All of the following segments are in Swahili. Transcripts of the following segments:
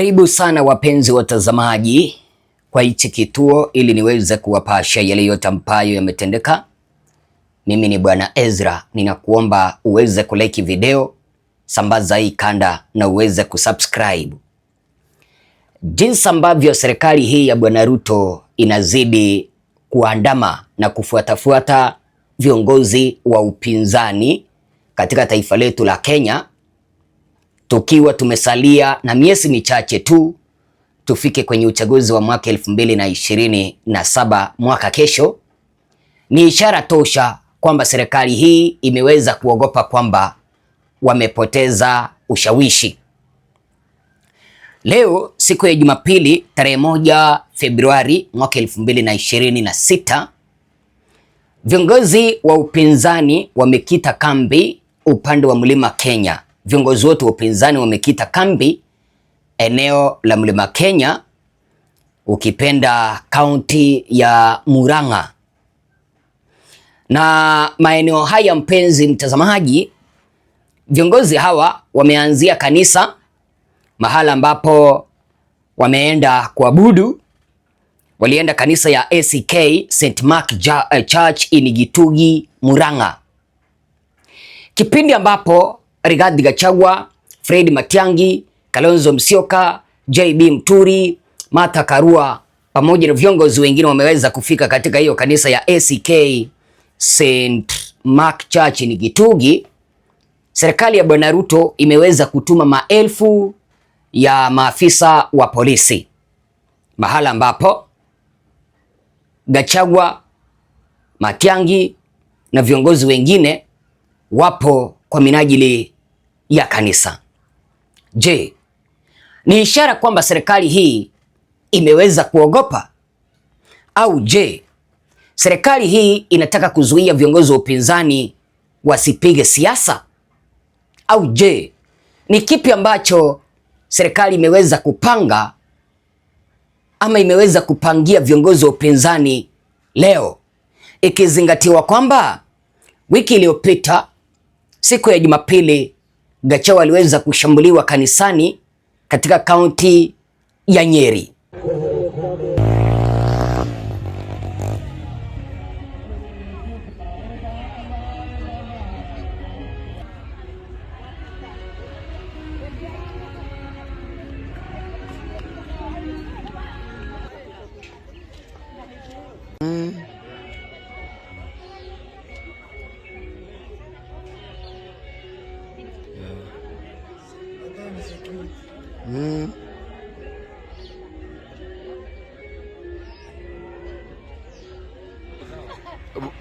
Karibu sana wapenzi watazamaji kwa hichi kituo ili niweze kuwapasha yale yote ambayo yametendeka. Mimi ni Bwana Ezra, ninakuomba uweze kuliki video, sambaza hii kanda na uweze kusubscribe. Jinsi ambavyo serikali hii ya Bwana Ruto inazidi kuandama na kufuatafuata viongozi wa upinzani katika taifa letu la Kenya tukiwa tumesalia na miezi michache tu tufike kwenye uchaguzi wa mwaka elfu mbili na ishirini na saba mwaka kesho, ni ishara tosha kwamba serikali hii imeweza kuogopa kwamba wamepoteza ushawishi. Leo siku ya Jumapili tarehe moja Februari mwaka elfu mbili na ishirini na sita viongozi wa upinzani wamekita kambi upande wa mlima Kenya viongozi wote wa upinzani wamekita kambi eneo la Mlima Kenya, ukipenda kaunti ya Murang'a. Na maeneo haya, mpenzi mtazamaji, viongozi hawa wameanzia kanisa, mahala ambapo wameenda kuabudu. Walienda kanisa ya ACK St Mark eh, Church in Gitugi Murang'a, kipindi ambapo Rigathi Gachagua, Fred Matiangi, Kalonzo Musyoka, JB Muturi, Martha Karua pamoja na viongozi wengine wameweza kufika katika hiyo kanisa ya ACK St Mark Church ni Gitugi. Serikali ya Bwana Ruto imeweza kutuma maelfu ya maafisa wa polisi mahala ambapo Gachagua, Matiangi na viongozi wengine wapo kwa minajili ya kanisa. Je, ni ishara kwamba serikali hii imeweza kuogopa au je, serikali hii inataka kuzuia viongozi wa upinzani wasipige siasa au je, ni kipi ambacho serikali imeweza kupanga ama imeweza kupangia viongozi wa upinzani leo, ikizingatiwa kwamba wiki iliyopita Siku ya Jumapili, Gachagua aliweza kushambuliwa kanisani katika kaunti ya Nyeri. Mm.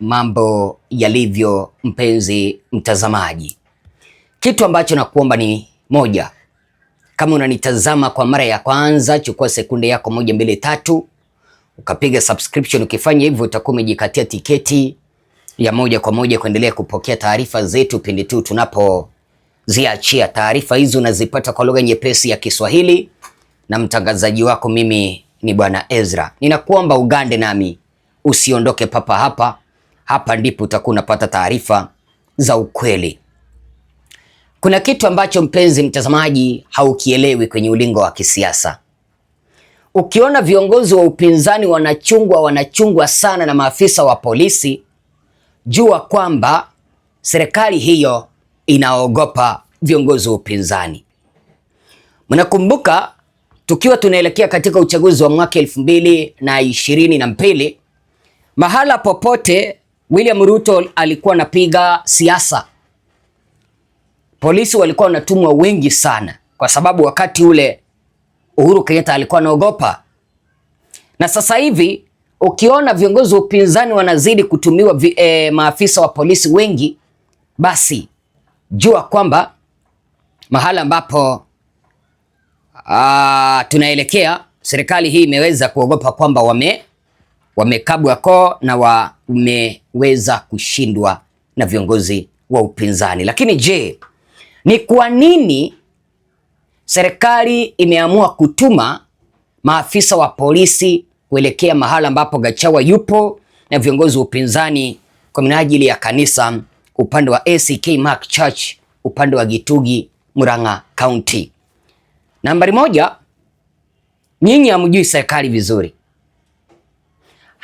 mambo yalivyo, mpenzi mtazamaji. Kitu ambacho nakuomba ni moja, kama unanitazama kwa mara ya kwanza, chukua sekunde yako moja, mbili, tatu, ukapiga subscription. Ukifanya hivyo, utakuwa umejikatia tiketi ya moja kwa moja kuendelea kupokea taarifa zetu pindi tu tunapoziachia. Taarifa hizi unazipata kwa lugha nyepesi ya Kiswahili na mtangazaji wako mimi ni Bwana Ezra. Ninakuomba ugande nami, usiondoke papa hapa hapa ndipo utakuwa unapata taarifa za ukweli. Kuna kitu ambacho mpenzi mtazamaji haukielewi kwenye ulingo wa kisiasa. Ukiona viongozi wa upinzani wanachungwa wanachungwa sana na maafisa wa polisi, jua kwamba serikali hiyo inaogopa viongozi wa upinzani. Mnakumbuka tukiwa tunaelekea katika uchaguzi wa mwaka elfu mbili na ishirini na mbili, mahala popote William Ruto alikuwa anapiga siasa. Polisi walikuwa wanatumwa wengi sana, kwa sababu wakati ule Uhuru Kenyatta alikuwa anaogopa. Na sasa hivi ukiona viongozi wa upinzani wanazidi kutumiwa vi, e, maafisa wa polisi wengi, basi jua kwamba mahala ambapo ah, tunaelekea serikali hii imeweza kuogopa kwamba wame wamekabwa koo na wameweza kushindwa na viongozi wa upinzani. Lakini je, ni kwa nini serikali imeamua kutuma maafisa wa polisi kuelekea mahala ambapo Gachagua yupo na viongozi wa upinzani kwa minajili ya kanisa upande wa ACK Mark Church upande wa Gitugi Murang'a County? Nambari moja, nyinyi hamjui serikali vizuri.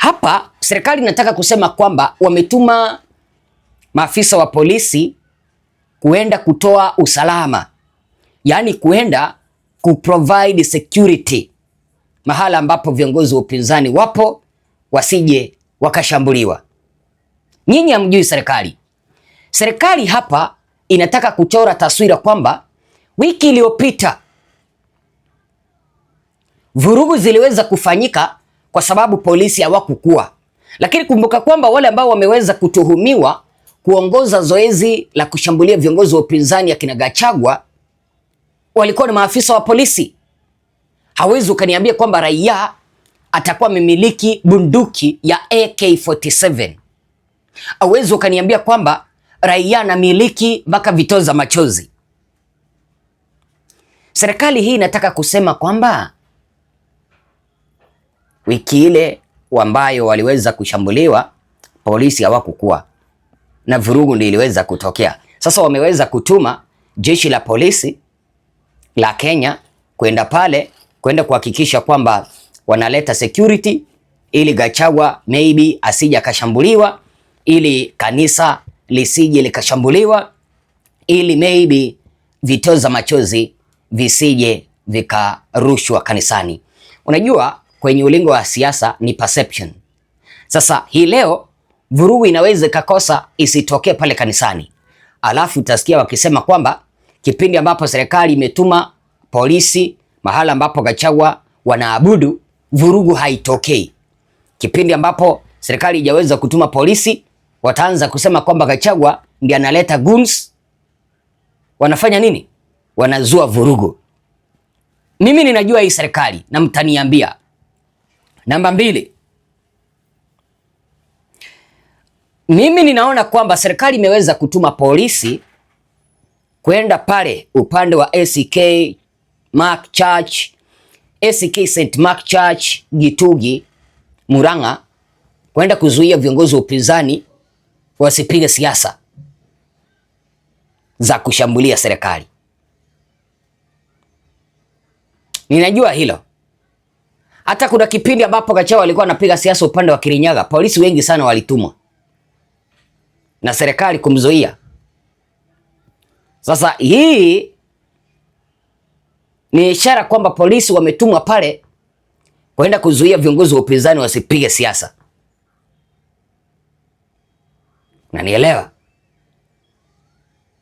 Hapa serikali inataka kusema kwamba wametuma maafisa wa polisi kuenda kutoa usalama, yaani kuenda kuprovide security mahala ambapo viongozi wa upinzani wapo wasije wakashambuliwa. Nyinyi hamjui serikali. Serikali hapa inataka kuchora taswira kwamba wiki iliyopita vurugu ziliweza kufanyika kwa sababu polisi hawakukua. Lakini kumbuka kwamba wale ambao wameweza kutuhumiwa kuongoza zoezi la kushambulia viongozi wa upinzani akina Gachagua walikuwa ni maafisa wa polisi. Hawezi ukaniambia kwamba raia atakuwa amemiliki bunduki ya AK47. Hawezi ukaniambia kwamba raia anamiliki mpaka vitoza machozi. Serikali hii inataka kusema kwamba wiki ile ambayo waliweza kushambuliwa, polisi hawakukua na vurugu, ndio iliweza kutokea. Sasa wameweza kutuma jeshi la polisi la Kenya kwenda pale kwenda kuhakikisha kwamba wanaleta security ili Gachagua maybe asija kashambuliwa, ili kanisa lisije likashambuliwa, ili maybe vitoza machozi visije vikarushwa kanisani. Unajua kwenye ulingo wa siasa ni perception. Sasa hii leo vurugu inaweza ikakosa isitokee pale kanisani, alafu utasikia wakisema kwamba kipindi ambapo serikali imetuma polisi mahala ambapo Gachagua wanaabudu, vurugu haitokei. Kipindi ambapo serikali ijaweza kutuma polisi, wataanza kusema kwamba Gachagua ndiye analeta guns. Wanafanya nini? Wanazua vurugu. Mimi ninajua hii serikali na mtaniambia Namba mbili, mimi ninaona kwamba serikali imeweza kutuma polisi kwenda pale upande wa ACK Mark Church, ACK St Mark Church, Gitugi, Murang'a kwenda kuzuia viongozi wa upinzani wasipige siasa za kushambulia serikali. Ninajua hilo hata kuna kipindi ambapo Gachagua alikuwa anapiga siasa upande wa Kirinyaga, polisi wengi sana walitumwa na serikali kumzuia. Sasa hii ni ishara kwamba polisi wametumwa pale kwenda kuzuia viongozi wa upinzani wasipige siasa, na nielewa,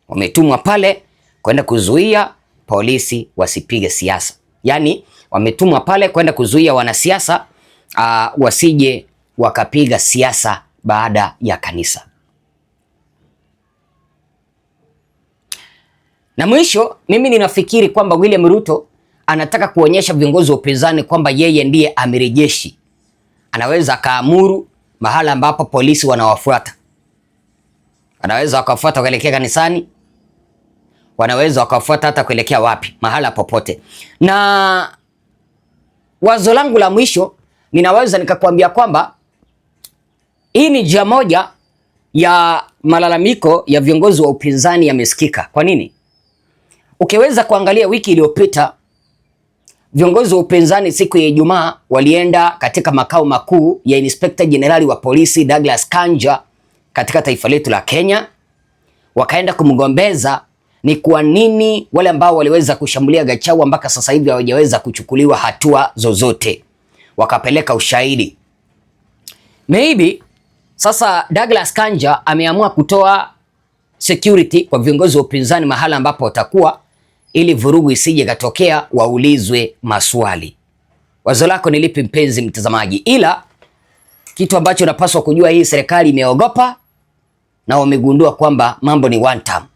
wametumwa pale kwenda kuzuia polisi wasipige siasa, yaani wametumwa pale kwenda kuzuia wanasiasa uh, wasije wakapiga siasa baada ya kanisa. Na mwisho, mimi ninafikiri kwamba William Ruto anataka kuonyesha viongozi wa upinzani kwamba yeye ndiye amiri jeshi, anaweza akaamuru mahala ambapo polisi wanawafuata, anaweza wakafuata kuelekea kanisani, wanaweza wakafuata hata kuelekea wapi, mahala popote na wazo langu la mwisho, ninaweza nikakwambia kwamba hii ni njia moja ya malalamiko ya viongozi wa upinzani yamesikika. Kwa nini? Ukiweza kuangalia wiki iliyopita viongozi wa upinzani siku ya Ijumaa walienda katika makao makuu ya Inspector Jenerali wa polisi Douglas Kanja katika taifa letu la Kenya, wakaenda kumgombeza ni kwa nini wale ambao waliweza kushambulia Gachagua mpaka sasa hivi hawajaweza kuchukuliwa hatua zozote, wakapeleka ushahidi maybe. Sasa Douglas Kanja ameamua kutoa security kwa viongozi wa upinzani mahala ambapo watakuwa, ili vurugu isije katokea, waulizwe maswali. Wazo lako ni lipi, mpenzi mtazamaji? Ila kitu ambacho unapaswa kujua, hii serikali imeogopa na wamegundua kwamba mambo ni one time.